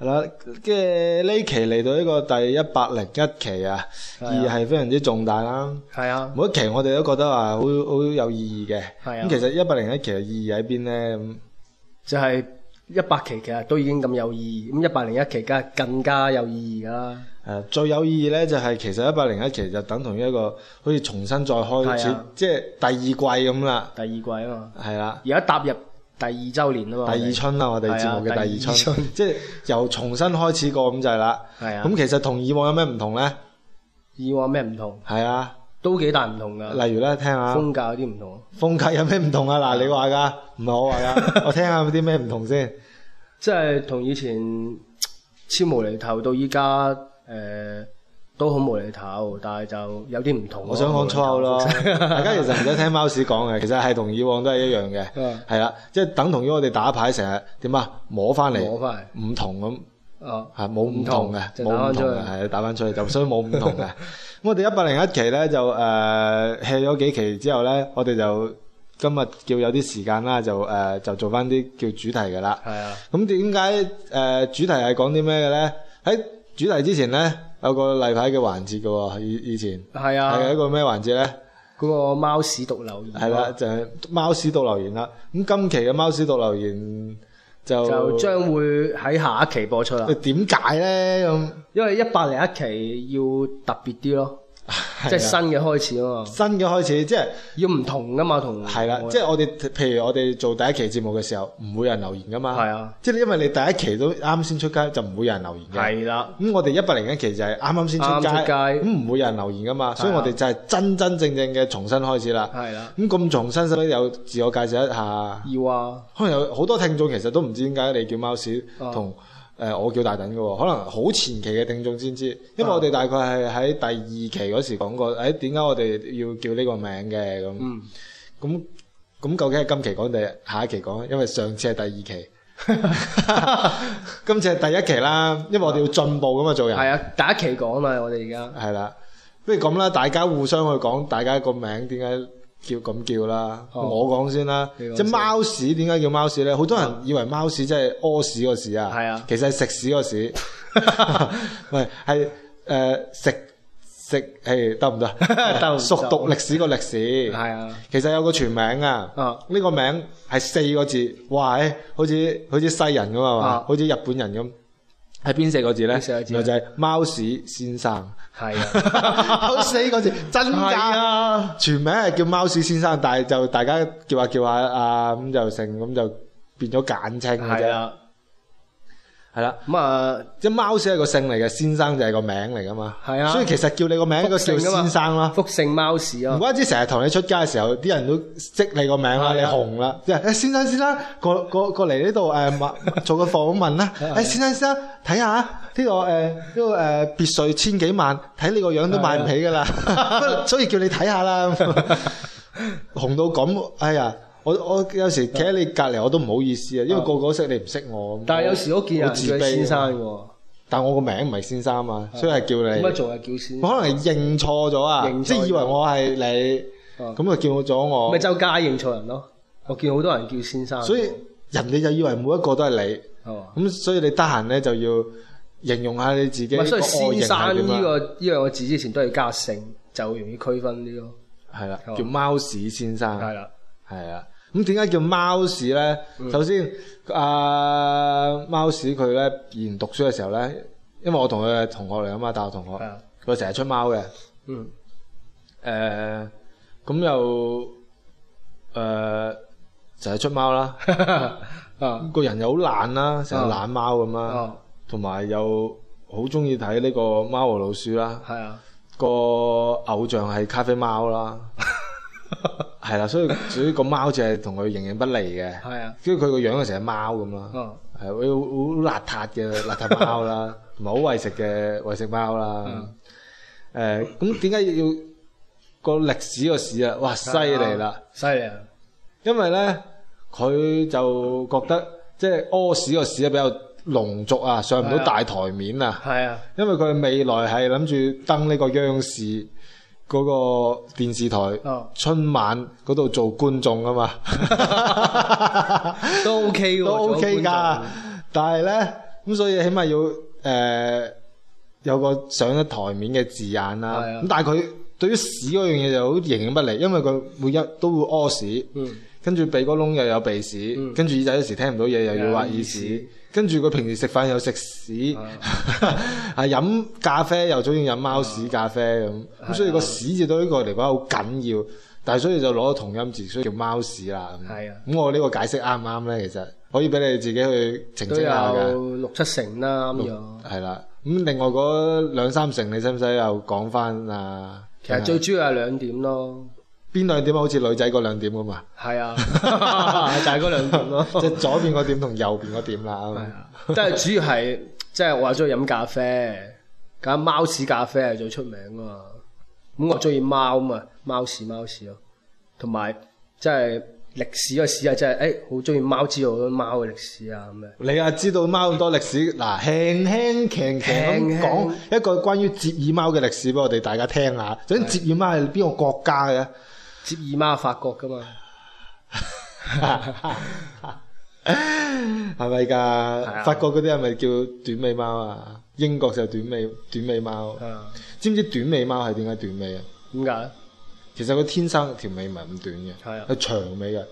係啦，即係呢期嚟到呢個第一百零一期啊，啊而係非常之重大啦。係啊，每一期我哋都覺得話好好有意義嘅。係啊，咁其實一百零一期嘅意義喺邊咧？咁就係一百期其實都已經咁有意義，咁一百零一期梗係更加有意義㗎啦。誒，最有意義咧就係其實一百零一期就等同於一個好似重新再開始，啊、即係第二季咁啦。第二季啊嘛。係啦、啊。而家踏入。第二週年啊嘛，第二春啊，我哋節目嘅第二春，即係由重新開始過咁就係啦。咁其實同以往有咩唔同咧？以往有咩唔同？係啊，都幾大唔同㗎。例如咧，聽下風格有啲唔同。風格有咩唔同啊？嗱，你話㗎，唔係我話㗎，我聽下有啲咩唔同先。即係同以前超無厘頭到依家誒。都好冇厘頭，但係就有啲唔同。我想講粗口咯，大家其實唔使聽貓屎講嘅，其實係同以往都係一樣嘅，係啦，即係等同於我哋打牌成日點啊，摸翻嚟，摸翻嚟？唔同咁，係冇唔同嘅，冇唔同嘅，打翻出嚟就所以冇唔同嘅。咁我哋一百零一期咧就誒 hea 咗幾期之後咧，我哋就今日叫有啲時間啦，就誒就做翻啲叫主題嘅啦。係啊，咁點解誒主題係講啲咩嘅咧？喺主題之前咧。有個例牌嘅環節嘅喎，以以前係啊，係一個咩環節咧？嗰個貓屎毒留言係啦，就係貓屎毒留言啦。咁今期嘅貓屎毒留言就就將會喺下一期播出啦。點解咧？咁因為一百零一期要特別啲咯。即係新嘅開始啊，新嘅開始，即係要唔同噶嘛，同係啦。即係我哋，譬如我哋做第一期節目嘅時候，唔會有人留言噶嘛。係啊，即係因為你第一期都啱先出街，就唔會有人留言嘅。係啦。咁我哋一百零一期就係啱啱先出街，咁唔會有人留言噶嘛。所以我哋就係真真正正嘅重新開始啦。係啦。咁咁重新，想有自我介紹一下。要啊。可能有好多聽眾其實都唔知點解你叫貓屎同。誒，我叫大等嘅，可能好前期嘅聽眾先知，因為我哋大概係喺第二期嗰時講過，誒，點解我哋要叫呢個名嘅。咁，咁咁、嗯、究竟係今期講定下一期講？因為上次係第二期， 今次係第一期啦，因為我哋要進步㗎嘛，做人。係、嗯、啊，第一期講啊嘛，我哋而家。係啦、啊，不如咁啦，大家互相去講，大家個名點解？叫咁、哦、叫啦，我講先啦。即貓屎點解叫貓屎咧？好多人以為貓屎即係屙屎個屎啊，係啊，其實係食屎個屎。喂， 係誒食食，誒得唔得？行行 行行熟讀歷史個歷史，係啊 行。其實有個全名啊，呢 個名係四個字，哇誒，好似好似西人咁啊嘛， 好似日本人咁。係邊四個字咧？四個字就係貓屎先生。係啊，貓屎 四個字真噶。全名係叫貓屎先生，但係就大家叫下叫下啊，咁就成，咁就變咗簡稱嘅啫。係啦，咁啊、嗯，即貓屎係個姓嚟嘅，先生就係個名嚟噶嘛。係啊，所以其實叫你個名，個姓先生咯，福姓貓屎咯。唔怪之成日同你出街嘅時候，啲人都識你個名啦，啊、你紅啦，即係誒先生先生過過過嚟呢度誒，做個訪問啦。誒、 哎、先生先生睇下呢個誒呢個誒別墅千幾萬，睇你個樣都買唔起噶啦，啊、 所以叫你睇下啦， 紅到咁哎呀！我我有時企喺你隔離，我都唔好意思啊，因為個個識你唔識我。但係有時我見人叫先生，但係我個名唔係先生啊嘛，所以係叫你。點解做係叫先？我可能認錯咗啊，即係以為我係你，咁就叫咗我。咪周街認錯人咯，我見好多人叫先生。所以人哋就以為每一個都係你，咁所以你得閒咧就要形容下你自己。所以先生呢個呢兩個字之前都要加姓，就容易區分啲咯。係啦，叫貓屎先生。係啦，係啊。咁點解叫貓屎咧？嗯、首先，阿、呃、貓屎佢咧以前讀書嘅時候咧，因為我同佢係同學嚟啊嘛，大學同學，佢成日出貓嘅。嗯、呃。誒，咁又誒，成日出貓啦。 啊，個人又好懶啦，成日懶貓咁啦。同埋、啊、又好中意睇呢個貓和老鼠啦。係是啊。個偶像係咖啡貓啦。 係啦，所以至於個貓就係同佢形影不離嘅，跟住佢個樣就成隻貓咁啦，係會好邋遢嘅邋遢貓啦，唔係好餵食嘅餵食貓啦。誒、嗯，咁點解要個歷史個史啊？哇，犀利啦！犀利啊！因為咧，佢就覺得即係屙屎個屎咧比較濃俗啊，上唔到大台面啊。係啊、嗯嗯嗯嗯嗯嗯嗯，因為佢未來係諗住登呢個央視。嗰個電視台、哦、春晚嗰度做觀眾啊嘛， 都 OK 喎，都 OK 㗎。但係咧，咁所以起碼要誒、呃、有個上得台面嘅字眼啦。咁、嗯、但係佢對於屎嗰樣嘢就好形影不離，因為佢每日都會屙屎，嗯、跟住鼻哥窿又有鼻屎，嗯、跟住耳仔有時聽唔到嘢又要挖耳屎。嗯嗯跟住佢平時食飯又食屎，係飲、啊、 咖啡又中意飲貓屎咖啡咁，咁、啊、所以個屎字對呢個嚟講好緊要，的但係所以就攞同音字，所以叫貓屎啦。係啊的，咁我呢個解釋啱唔啱咧？其實可以俾你自己去澄清下嘅都有六七成啦，咁樣係啦。咁另外嗰兩三成，你使唔使又講翻啊？其實最主要係兩點咯。邊兩點？好似女仔嗰兩點啊嘛，係啊，就係嗰兩點咯，即係左邊個點同右邊個點啦。係啊，即係 主要係，即、就、係、是、我中意飲咖啡，咁貓屎咖啡係最出名噶嘛。咁我中意貓啊嘛，貓屎貓屎咯，同埋即係歷史個史啊，即係誒，好中意貓知道咯，好多貓嘅歷史啊咁樣。你啊知道貓咁多歷史嗱，輕輕強強咁講一個關於折耳貓嘅歷史俾我哋大家聽下。首先，折耳貓係邊個國家嘅？折耳貓法國噶嘛？係咪㗎？法國嗰啲係咪叫短尾貓啊？英國就短尾，短尾貓。係啊知唔知短尾貓係點解短尾啊？點解咧？其實佢天生條尾唔係咁短嘅，係係啊長尾嘅。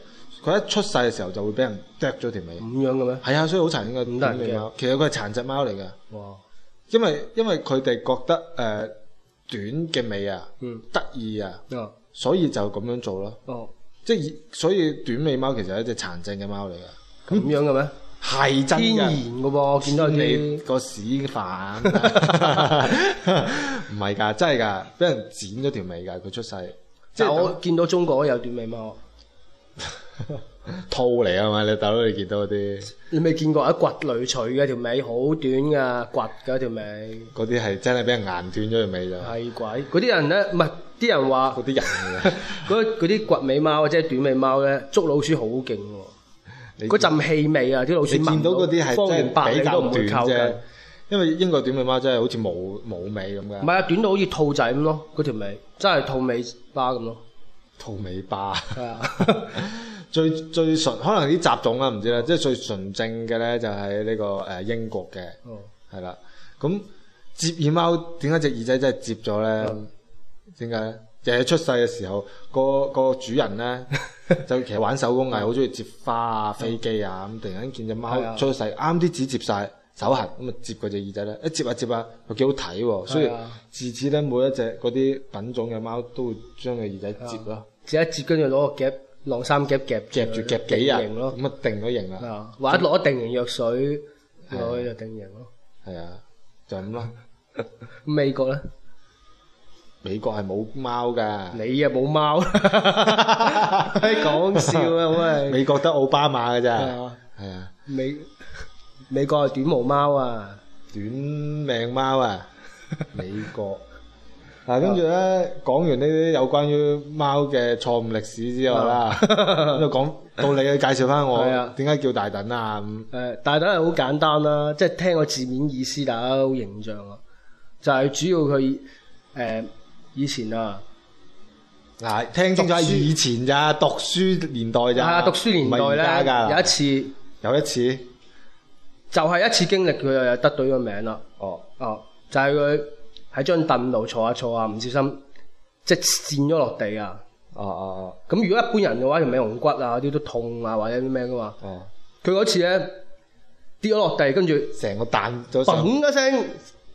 佢一出世嘅時候就會俾人剁咗條尾。咁樣嘅咩？係啊，所以好殘忍嘅短尾貓。其實佢係殘疾貓嚟嘅。哇！因為因為佢哋覺得誒、呃、短嘅尾啊，得意啊。嗯所以就咁樣做咯，哦，即係所以短尾貓其實係一隻殘障嘅貓嚟嘅，咁樣嘅咩？係真嘅，天然嘅噃，見到你個屎反，唔係噶，真係噶，俾人剪咗條尾噶，佢出世。即係我見到中國有短尾貓，兔嚟啊嘛，你大佬你見到嗰啲，你未見過喺掘里取嘅條尾好短噶，掘嘅條尾，嗰啲係真係俾人硬斷咗條尾就係鬼，嗰啲人咧唔係。啲人話嗰啲人， 嗰啲掘尾貓或者短尾貓咧，捉老鼠好勁喎。嗰陣氣味啊，啲老鼠聞到嗰啲係即係比較短嘅。因為英國短尾貓真係好似冇冇尾咁嘅。唔係啊，短到好似兔仔咁咯，嗰條尾真係兔尾巴咁咯。兔尾巴 最最純，可能啲雜種啊，唔知啦。即係、嗯、最純正嘅咧，就係呢個誒英國嘅。哦、嗯，係啦。咁折耳貓點解隻耳仔真係折咗咧？ 點解咧？就喺出世嘅時候，個個主人咧就其實玩手工藝，好中意折花啊、飛機啊，咁突然間見隻貓出世，啱啲紙折晒手痕，咁啊折嗰隻耳仔咧，一折一折啊，又幾好睇，所以自此咧，每一隻嗰啲品種嘅貓都會將個耳仔折咯。折一折跟住攞個夾晾衫夾夾夾住夾幾日，咁啊定咗型啦。或者攞定型藥水落去就定型咯。係啊，就係咁咯。美國咧？美國係冇貓㗎，你又冇貓，講笑啊！好啊，美國得奧巴馬㗎咋，係啊，美美國係短毛貓啊，短命貓啊，美國嗱，跟住咧講完呢啲有關於貓嘅錯誤歷史之後啦，咁就講到你去介紹翻我點解叫大等啊？誒，大等係好簡單啦，即係聽個字面意思大家好形象啊，就係主要佢誒。以前啊，嗱、啊，聽清楚，書以前咋讀書年代咋，係啊，讀書年代咧，有一次，有一次，就係一次經歷，佢又得到個名啦。哦，哦、啊，就係佢喺張凳度坐下坐下，唔小心即係跣咗落地啊。哦哦哦，咁、啊啊、如果一般人嘅話，條尾龍骨啊，啲都痛啊，或者啲咩噶嘛。哦、啊，佢嗰次咧跌咗落地，跟住成個彈就一聲，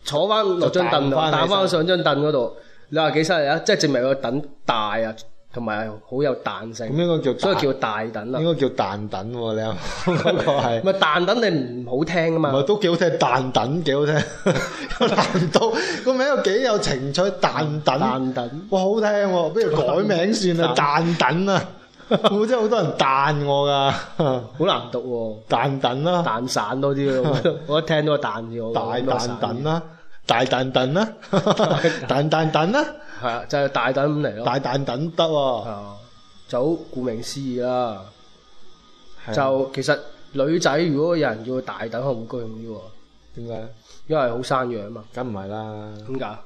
坐翻落張凳度，彈翻上張凳嗰度。你話幾犀利啊！即係證明佢等大啊，同埋好有彈性。咁應該叫所以叫大等啊。應該叫彈等喎，你啊，嗰個係。咪彈等你唔好聽啊嘛。唔係都幾好聽，彈等幾好聽，難到個名又幾有情趣，彈等。彈等，哇，好聽喎，不如改名算啦，彈等啊，我真係好多人彈我㗎，好難讀喎，彈等啦，彈散多啲咯，我一聽到彈字我。大彈等啦。大蛋蛋啦，蛋蛋蛋啦，係啊，就係大蛋咁嚟咯。大蛋蛋得喎，就顧名思義啦。就其實女仔如果有人叫佢大蛋好高興啲喎。點解？因為好生養啊嘛。梗唔係啦。點解？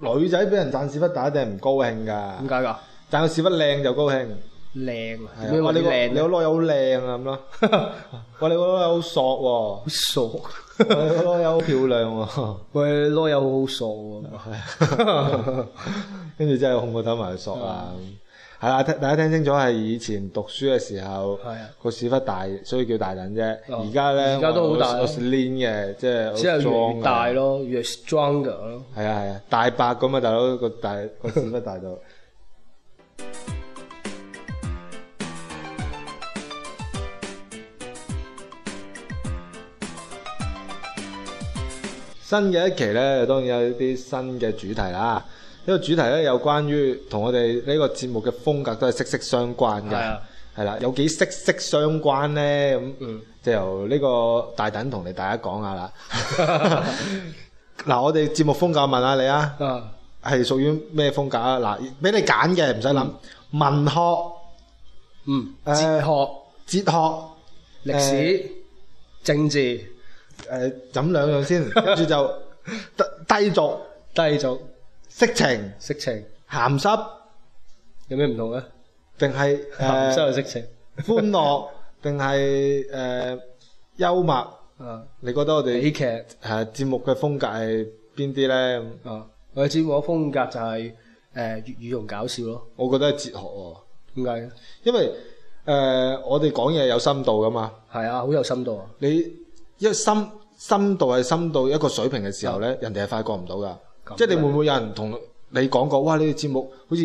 女仔俾人讚屎忽大一定唔高興噶。點解噶？讚個屎忽靚就高興。靚你話！你個你個螺又好靚咁咯。哇！你個螺又好索喎。好索。個籮柚好漂亮喎，個籮柚好傻喎，係，跟住真係空個頭埋去索啊，係啦，大家聽清楚，係以前讀書嘅時候，個屎忽大，所以叫大躉啫，而家咧，而家都好大，我練嘅，即係越大咯，越 strong 咯、er，係啊係啊，大伯咁啊大佬個大個屎忽大到。新嘅一期咧，當然有啲新嘅主題啦。呢個主題咧，有關於同我哋呢個節目嘅風格都係息息相關嘅。係啊，係啦，有幾息息相關咧，咁，就由呢個大等同你大家講下啦。嗱，我哋節目風格問下你啊，係屬於咩風格啊？嗱，俾你揀嘅，唔使諗，文學、嗯、哲學、哲學、歷史、政治。誒，飲兩樣先，跟住就低俗、低俗、色情、色情、鹹濕，有咩唔同咧？定係鹹濕係色情、歡樂定係誒幽默？啊色情，你覺得我哋喜劇係節目嘅風格係邊啲咧？啊，我哋節目嘅風格就係誒粵語同搞笑咯、anyway。我覺得係哲學喎，點解？因為誒我哋講嘢有深度噶嘛。係啊、well，好有深度啊！你一心。Henderson 深度係深度一個水平嘅時候咧，人哋係發覺唔到噶。即係你會唔會有人同你講過，哇呢個節目好似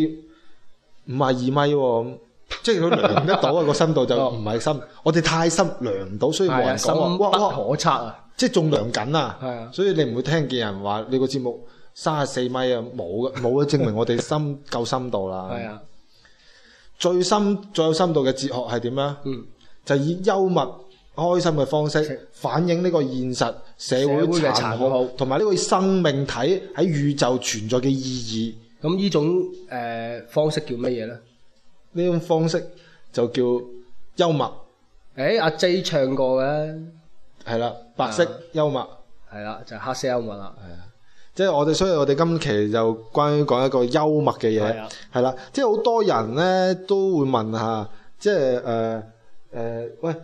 五廿二米咁，即係佢量得到啊，個深度就唔係深。我哋太深量唔到，所以冇人講。哇，深不可測啊！即係仲量緊啊，所以你唔會聽見人話你個節目三廿四米啊，冇嘅，冇啊，證明我哋深夠深度啦。係啊，最深最有深度嘅哲學係點咧？嗯，就以幽默。開心嘅方式反映呢個現實社會嘅殘酷，同埋呢個生命體喺宇宙存在嘅意義。咁呢種誒、呃、方式叫乜嘢呢？呢種方式就叫幽默。誒，阿 J 唱過嘅係啦，白色幽默係啦，就係、黑色幽默啦。係啊，即係我哋，所以我哋今期就關於講一個幽默嘅嘢係啦。即係好多人呢都會問下，即係誒誒，喂！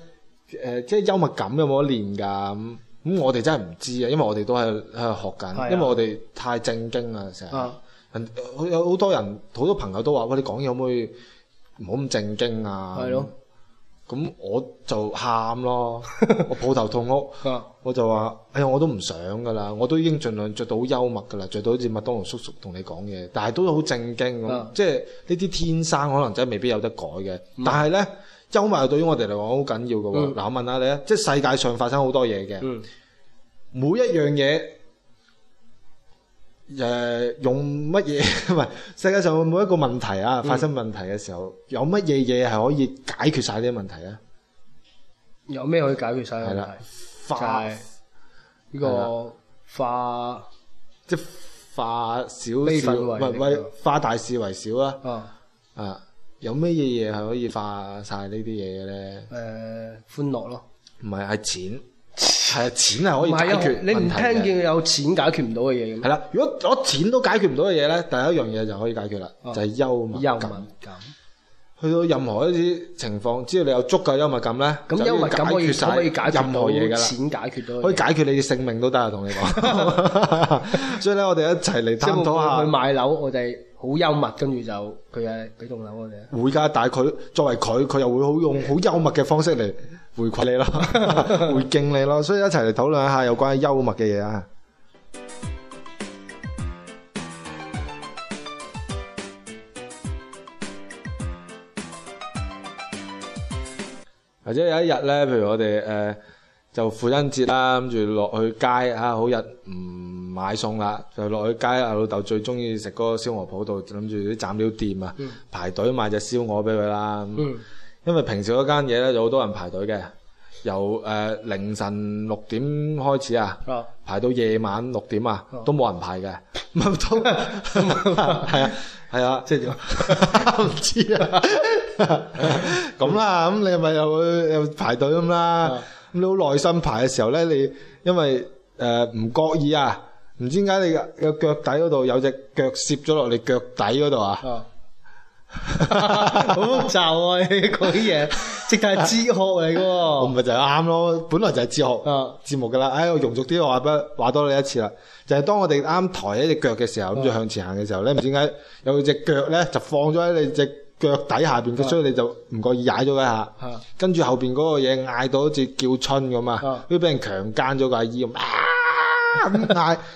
誒、呃，即係幽默感有冇得練㗎？咁、嗯、咁我哋真係唔知啊，因為我哋都係喺度學緊，是的 因為我哋太，啊哎、太正經啊，成日好有好多人，好多朋友都話：喂，你講嘢可唔可以唔好咁正經啊？係咯。咁我就喊咯，我抱頭痛哭， 我就話：哎呀，我都唔想噶啦，我都已經盡量着到好幽默噶啦，着到好似麥當勞叔叔同你講嘢，但係都好正經咁。 即係呢啲天生可能真係未必有得改嘅，但係呢，幽默對於我哋嚟講好緊要嘅喎、啊。嗱、嗯，我問下你啊，即係世界上發生好多嘢嘅，嗯、每一樣嘢。誒、呃、用乜嘢唔係世界上每一個問題啊，嗯、發生問題嘅時候有乜嘢嘢係可以解決曬啲問題咧？有咩可以解決晒問題？係啦，化呢個化即係化小事，唔係為化大事為小啊！啊，啊，有乜嘢嘢係可以化晒呢啲嘢咧？誒、呃，歡樂咯，唔係係錢。係啊，錢係可以解決問題嘅。你唔聽見有錢解決唔到嘅嘢？係啦，如果攞錢都解決唔到嘅嘢咧，第一樣嘢就可以解決啦，就係幽默感。幽默感，去到任何一啲情況，只要你有足夠幽默感咧，咁幽默感可以可以解決任何嘢噶啦，錢解決到，可以解決你嘅性命都得啊。同你講，所以咧，我哋一齊嚟探討下。買樓，我哋好幽默，跟住就佢係，俾棟樓我哋。會噶，但係佢作為佢，佢又會好用好幽默嘅方式嚟。回饋你咯， 回敬你咯，所以一齊嚟討論一下有關於幽默嘅嘢啊！ 或者有一日咧，譬如我哋誒、呃、就父親節啦、啊，諗住落去街啊，好日唔買餸啦，就落去街啊。老豆最中意食嗰個燒鵝鋪度，諗住啲斬料店啊，嗯、排隊買隻燒鵝俾佢啦。嗯因為平時嗰間嘢咧，有好多人排隊嘅，由誒、呃、凌晨六點開始啊，排到夜晚六點啊，啊都冇人排嘅。唔通啊？係 知道啊係 啊，即係點？唔知啊，咁啦、嗯，咁你咪又會排隊咁啦。咁你好耐心排嘅時候咧，你因為誒唔覺意啊，唔知點解你嘅腳底嗰度有隻腳攝咗落你腳底嗰度啊？啊啊好複雜啊！講啲嘢，直頭係哲學嚟嘅、啊。我咪 就係啱咯，本來就係哲學啊節、嗯、目噶啦。哎，我重複啲話，不話多你一次啦。就係、是、當我哋啱抬起隻腳嘅時候，咁就向前行嘅時候咧，唔、嗯、知點解有隻腳咧就放咗喺你隻腳底下邊，所以你就唔覺意踩咗一下。嗯、跟住後邊嗰個嘢嗌到好似叫春咁啊，都俾、嗯、人強奸咗個阿姨啊！啊！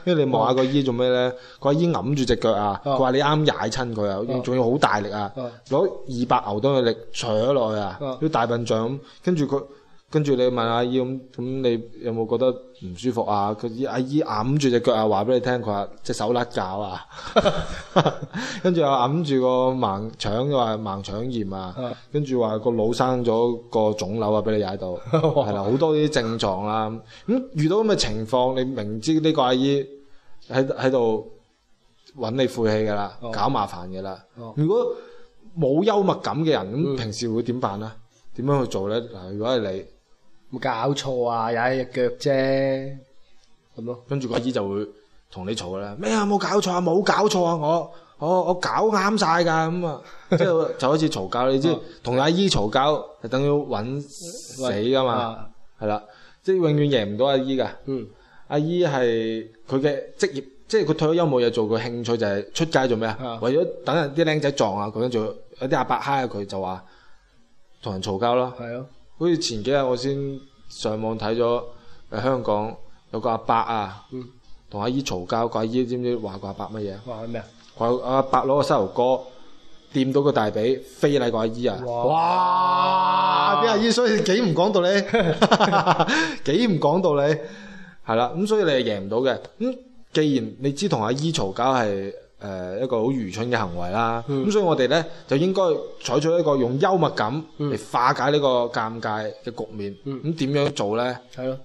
跟住你望下個姨做咩咧？個阿姨揞住隻腳啊！佢話你啱踩親佢啊！仲要好大力啊！攞二百牛頓嘅力咗落去啊！好似、啊、大笨象咁，跟住佢。跟住你問阿姨咁，咁、嗯嗯、你有冇覺得唔舒服啊？佢阿姨揞住隻腳啊，話俾你聽，佢話隻手甩搞啊， 跟住又揞住個盲腸，話盲腸炎啊，的跟住話個腦生咗個腫瘤啊，俾你踩到，係啦哇，好多啲症狀啦、啊。咁、嗯、遇到咁嘅情況，你明知呢個阿姨喺喺度揾你晦氣㗎啦，哦、搞麻煩㗎啦。如果冇幽默感嘅人，咁平時會點辦咧？點樣去做咧？嗱，如果係你。冇搞錯啊，踩隻腳啫，咁咯。跟住阿姨就會同你嘈啦。咩啊？冇搞錯啊！冇搞錯啊！我我我搞啱晒噶咁啊，即係就開始嘈交。你知同阿姨嘈交，就等於揾死噶嘛，係啦。即係永遠贏唔到阿姨噶。嗯，阿姨係佢嘅職業，即係佢退咗休冇嘢做，個興趣就係出街做咩啊？為咗等人啲僆仔撞啊，佢跟住有啲阿伯嗨下佢就話同人嘈交咯。係咯。好似前幾日我先上網睇咗，誒香港有個阿伯啊，同、嗯、阿姨嘈交，怪姨知唔知話個阿伯乜嘢？話咩啊？話阿伯攞個細路哥掂到個大髀飛嚟個阿姨啊！哇！俾哇阿姨所以幾唔講道理，幾 唔講道理，係啦。 咁所以你係贏唔到嘅。咁既然你知同阿姨嘈交係，誒一個好愚蠢嘅行為啦，咁、hmm. 所以我哋咧就應該採取一個用幽默感嚟化解呢個尷尬嘅局面。咁點樣做咧？係咯的。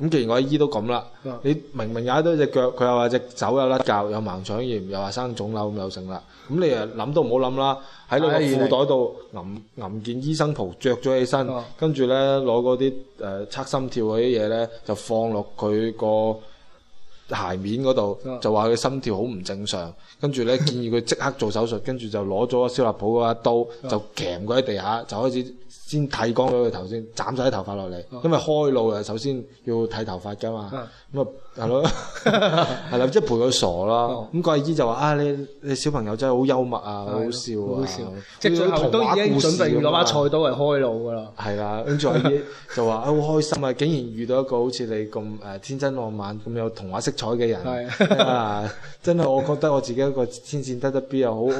咁既然個醫都咁啦，的你明明踩到隻腳，佢又話隻手有甩臼、有盲腸炎、又話生腫瘤咁又成啦。咁你啊諗都唔好諗啦，喺你個褲袋度揞揞件醫生袍着咗起身，跟住咧攞嗰啲誒測心跳嗰啲嘢咧，就放落佢個鞋面嗰度就話佢心跳好唔正常，跟住咧建議佢即刻做手術， 跟住就攞咗燒臘鋪嗰把刀 就鉗佢喺地下，就開始。先剃光咗佢頭先，斬晒啲頭髮落嚟，因為開腦啊，首先要剃頭髮㗎嘛。咁啊，係咯，係啦，即係 陪佢傻啦。咁個阿姨就話：啊，你你小朋友真係好幽默啊，的好笑啊！即係最後都已經準備攞把菜刀嚟開腦㗎啦。係啦。跟住阿姨就話：好開心啊，竟然遇到一個好似你咁誒天真浪漫、咁有童話色彩嘅人。是的 啊，真係我覺得我自己一個天線得得 B 啊，好好。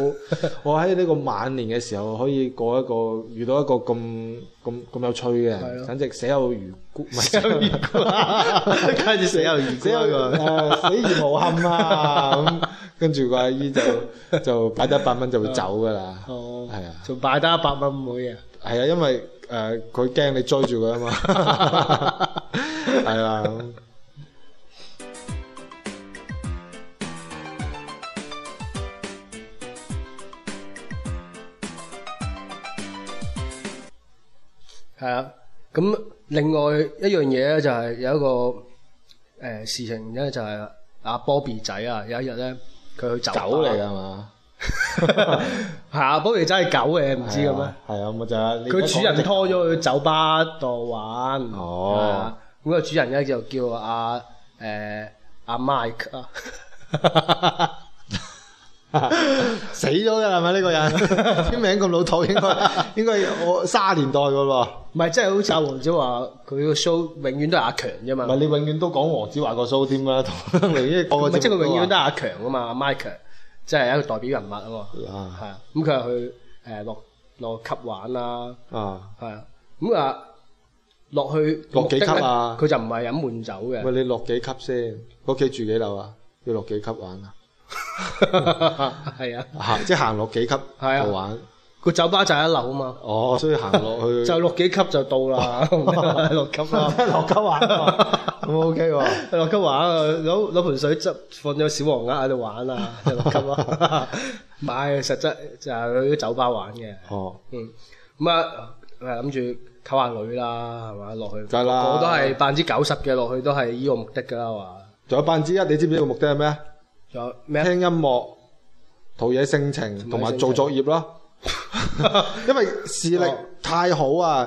我喺呢個晚年嘅時候，可以過一個遇到一個咁。咁咁有趣嘅，是啊、簡直死有餘辜，唔係死有餘跟住死有餘辜，死，有啊、死而無憾啊！咁 跟住個阿姨就就擺低一百蚊就會走噶啦，係、哦、是啊擺，仲擺低一百蚊唔會啊，係啊，因為誒佢驚你追住佢啊嘛，係 啊。 係啊，咁另外一樣嘢咧就係有一個誒、呃、事情咧，就係阿、啊、Bobby 仔啊，有一日咧佢去酒吧，狗嚟嘅係嘛？係 啊，Bobby 仔係狗嘅，唔 知嘅咩？係啊，冇就佢主人拖咗去酒吧度玩。哦，咁個、啊、主人咧就叫阿誒阿 Mike 啊.。 死咗嘅係咪呢個人？名咁老土，應該應該我卅年代嘅咯， 唔係真係好似黃子華佢個 show 永遠都係阿強啫嘛。唔係你永遠都講黃子華個 show，啊呢個 show 添啦。 即係佢永遠都係阿強啊嘛 ，Michael 即係一個代表人物啊嘛，係啊 Yeah.。咁佢又去誒、呃、落落級玩啦，啊係啊。咁啊 Yeah.、嗯、落去落，落幾級啊？佢就唔係飲悶酒嘅。喂，你落幾級先？屋企住幾樓啊？要落幾級玩啊？係 啊，行、啊啊、即係行落幾級去玩個、啊、酒吧就喺一樓啊嘛，哦，所以行落去 就落幾級就到啦，落 級咯、啊， 即落級玩，O K 喎，落 級玩攞攞盆水執放咗小黃鴨喺度玩啊，落級啊，唔 係實質就係去啲酒吧玩嘅，哦，咁啊諗住溝下女下啦，係嘛落去，啦，我都係百分之九十嘅落去都係依個目的噶啦，話，仲有百分之一，你知唔知個目的係咩啊？有聽音樂、陶冶性情，同埋做作業咯。因為視力太好啊，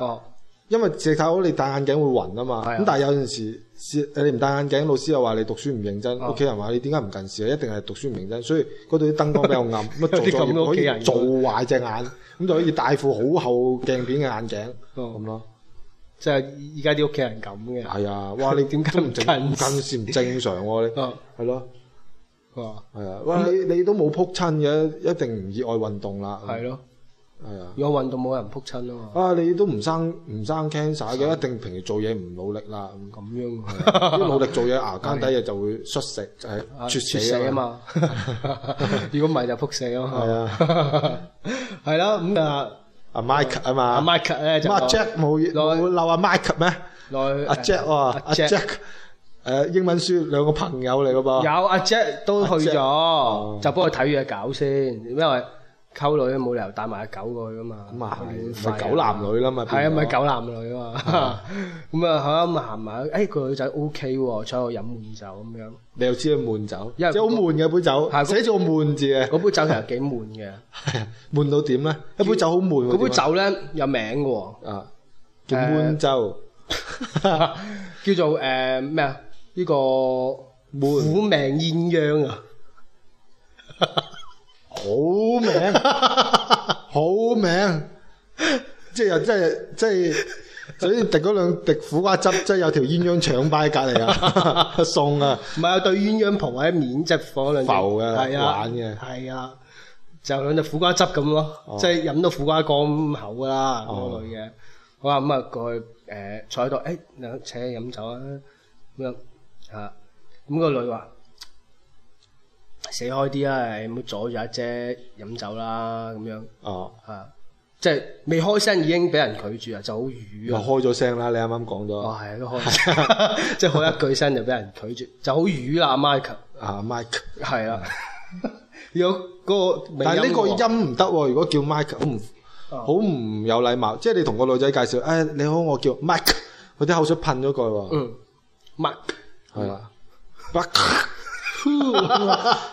因為視力太好，你戴眼鏡會暈啊嘛。咁但係有陣時，你唔戴眼鏡，老師又話你讀書唔認真。屋企人話你點解唔近視啊？一定係讀書唔認真。所以嗰度啲燈光比較暗，咁做作業可以做壞隻眼，咁就可以戴副好厚鏡片嘅眼鏡咁咯。即係而家啲屋企人咁嘅。係啊，哇！你點解唔近視？唔正常喎，你係咯。係啊！喂，你你都冇撲親嘅，一定唔熱愛運動啦。係咯，係啊。有運動冇人撲親咯嘛？啊，你都唔生唔生 cancer 嘅，一定平時做嘢唔努力啦咁樣。因努力做嘢牙間底日就會摔死，就係猝死死啊嘛！如果唔係就撲死咯。係啊，係咯，咁啊啊 Mike 啊嘛 Mike Jack 冇冇留阿 Mike 咩？阿 Jack 哇，阿 Jack。誒，英文書兩個朋友嚟噶噃，有阿 Jack 都去咗，就幫佢睇住隻狗先，因為溝女都冇理由帶埋隻狗過去噶嘛。咁啊係，咪狗男女啦嘛。係啊，咪狗男女啊嘛。咁啊，吓行埋，誒，個女仔 O K 喎，坐喺度飲悶酒咁樣。你又知佢悶酒，即係好悶嘅杯酒，寫咗個悶字嘅。嗰杯酒其實幾悶嘅，悶到點咧？一杯酒好悶。嗰杯酒咧有名嘅，啊，叫悶酒，叫做誒咩啊？呢、這個滿苦命鴛鴦啊， 好命， 好命， 即係又即係即係，所以滴嗰兩滴苦瓜汁，即係有條鴛鴦腸擺喺隔籬啊， 餸啊，唔係有對鴛鴦盤或者面，即係放兩，浮嘅，啊、玩嘅的，係啊，啊，就兩隻苦瓜汁咁咯、啊，哦、即係飲到苦瓜乾口啦、啊，咁、哦、類嘅。好啊，咁、嗯、啊、嗯、過去誒、呃、坐喺度，誒、欸、請飲酒啊，咁樣。啊！咁、嗯那個女話：死開啲啦，誒唔好阻住阿姐飲酒啦，咁樣哦，啊，即係未開聲已經俾人拒絕啊，就好瘀啊。就開咗聲啦，你啱啱講咗，哇、哦，係都開， 即係開一句聲就俾人拒絕，就好瘀啦，Michael 啊 Michael 係有嗰個，但係呢個音唔得喎。如果叫 Michael，好、嗯、唔好唔有禮貌，即係你同個女仔介紹誒、哎，你好，我叫 Mike 佢啲口水噴咗個喎，嗯 Michael 係啊，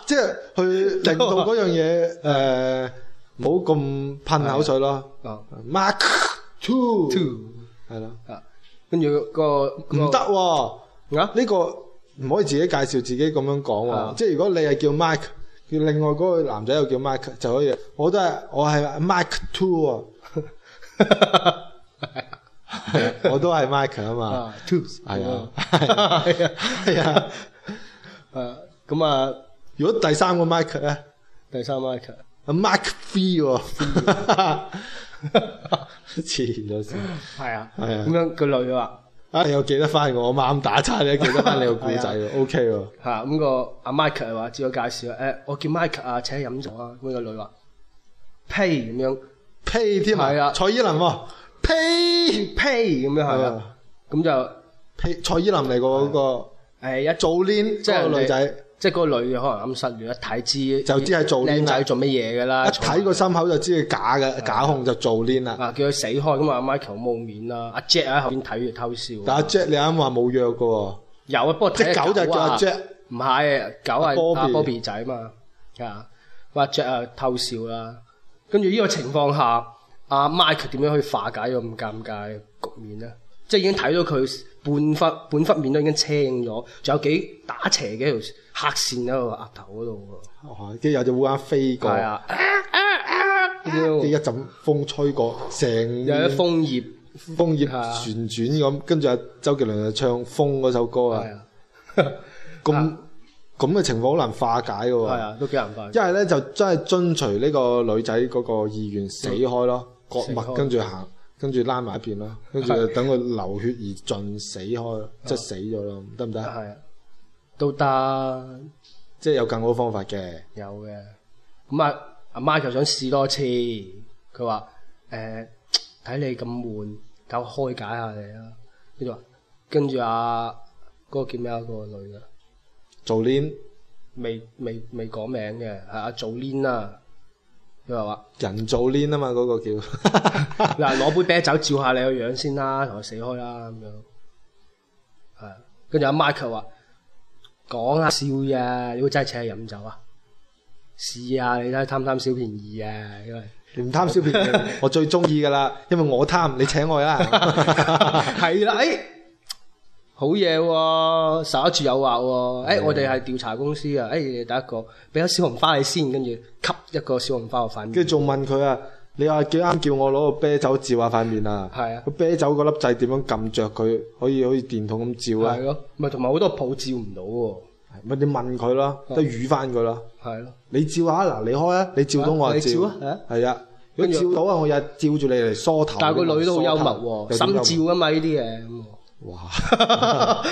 即係去令到嗰樣嘢誒，冇咁噴口水咯。Mike Two，係咯，跟住個唔得，啊，呢個唔可以自己介紹自己咁樣講喎。即係如果你係叫 Mike，叫另外嗰個男仔又叫 Mike，就可以。我都係，我係 Mike Two。Slo 我都係 Michael 啊嘛，係啊，係啊，係啊，誒，咁啊，如果第三個 Michael 咧？第三 Michael e Mark V 喎，自然咗先，係啊，係啊，咁樣個女話，啊，你又記得翻我，我啱打叉，你記得翻你個古仔 OK 喎，吓，咁個阿 Michael 話自我介紹，誒，我叫 Michael 啊，請飲咗啊，咁個女話，pay 咁樣，pay 添埋啊，蔡依林喎。呸呸咁樣係啦，咁就呸蔡依林嚟個嗰個，誒一做 link 即係個女仔，即係嗰個女可能咁失戀，一睇知就知係做 link 仔做乜嘢噶啦，一睇個心口就知係假嘅，假控就做 link 啦，叫佢死開，咁啊 Michael 冇面啦，阿 Jack 喺後邊睇住偷笑，但阿 Jack 你啱話冇約噶喎，有啊，不過隻狗就叫阿 Jack，唔係狗係波比仔嘛，啊，話 Jack 啊偷笑啦，跟住呢個情況下。阿 Mike 點樣可以化解咁尷尬嘅局面咧？即係已經睇到佢半忽半忽面都已經青咗，仲有幾打斜嘅條黑線喺個額頭嗰度。哦，跟住有隻烏鴉飛過，跟、啊啊啊啊、一陣風吹過，成日啲楓葉楓葉旋轉咁。跟住阿周杰倫就唱風嗰首歌啊。係 樣啊，咁咁嘅情況好難化解嘅喎。啊，都幾難化解。一係咧就真係遵從呢個女仔嗰個意願死開咯。割脈跟住行，跟住拉埋一邊啦，跟住等佢流血而盡死開，的即係死咗咯，得唔得？係啊，都得。即係有更好方法嘅。有嘅。咁啊，阿媽就想試多次，佢話誒睇你咁悶，夠開解下你啦。跟住話、啊，跟住阿嗰個叫咩、嗰個、Jolin 啊？嗰個女嘅。Jolin 未未未講名嘅，係阿 Jolin 啊。佢話：話人造 l i 啊嘛，嗰、嗰個叫嗱，攞 杯啤酒照，照下你個樣先啦，同我死開啦咁樣，係、啊。跟住阿 Mike 話：講下笑呀，你會真係請佢飲酒啊？試啊，你睇貪唔貪小便宜啊？因為你唔貪小便宜、啊， 我最中意噶啦，因為我貪，你請我 啦，係、欸、啦，誒。好嘢喎，一次誘惑喎！我哋係調查公司啊！誒、欸，你第一個俾咗小紅花你先，跟住吸一個小紅花個塊面，跟住仲問佢啊！你話幾啱叫我攞個啤酒照下塊面啊？係啊，個是的 啤酒個粒掣點樣撳着佢可以好似電筒咁照，照啊？係咯，咪同埋好多抱照唔到喎。咪你問佢啦，都語翻佢啦。係咯，你照下嗱、啊，你開啊！你照到我啊照。啊你照啊？係啊，如果後照到啊，我又照住你嚟梳頭。但係個女都好幽默喎、啊，心照啊嘛呢啲嘢。哇！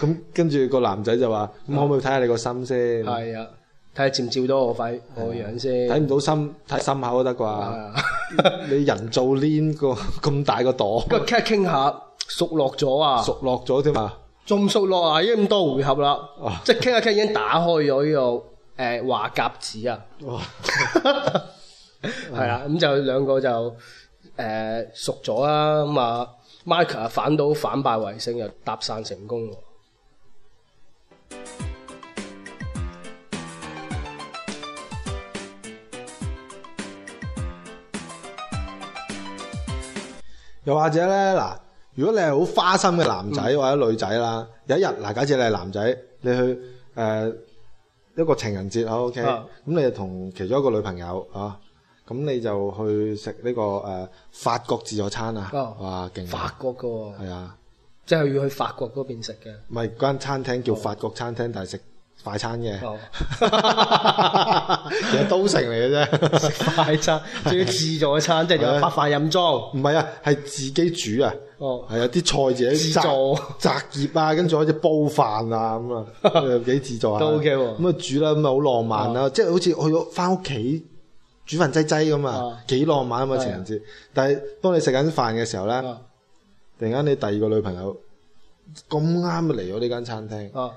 咁跟住個男仔就話：咁可唔可以睇下你個心先？係啊，睇下照唔照到我塊我的樣先。睇唔到心，睇心口都得啩？對 你人造鏈個咁大個朵？個 chat 傾下熟落咗啊！熟落咗添啊！仲熟落啊？已經咁多回合啦，即係傾下傾已經打開咗呢個誒話匣子啊！哇、嗯！係、嗯、啊，咁就兩個就誒熟咗啦咁啊！Michael 啊，反倒反敗為勝又搭訕成功喎。又或者咧，嗱，如果你係好花心嘅男仔或者女仔啦，嗯、有一日嗱，假設你係男仔，你去誒、呃、一個情人節，好，OK，咁你同其中一個女朋友啊。咁你就去食呢個誒法國自助餐啊！哇，勁法國嘅係啊，即係要去法國嗰邊食嘅。唔係間餐廳叫法國餐廳，但係食快餐嘅，其實都城嚟嘅啫。食快餐仲要自助餐，即係有發飯飲裝。唔係啊，係自己煮啊，係啊，啲菜自己做擇葉啊，跟住好似煲飯啊咁啊，幾自助啊。都 OK 喎。咁啊煮啦，咁啊好浪漫啊，即係好似去咗翻屋企。煮飯劑劑咁啊，幾浪漫啊嘛，情人節！但係當你食緊飯嘅時候咧，突然間你第二個女朋友咁啱嚟咗呢間餐廳，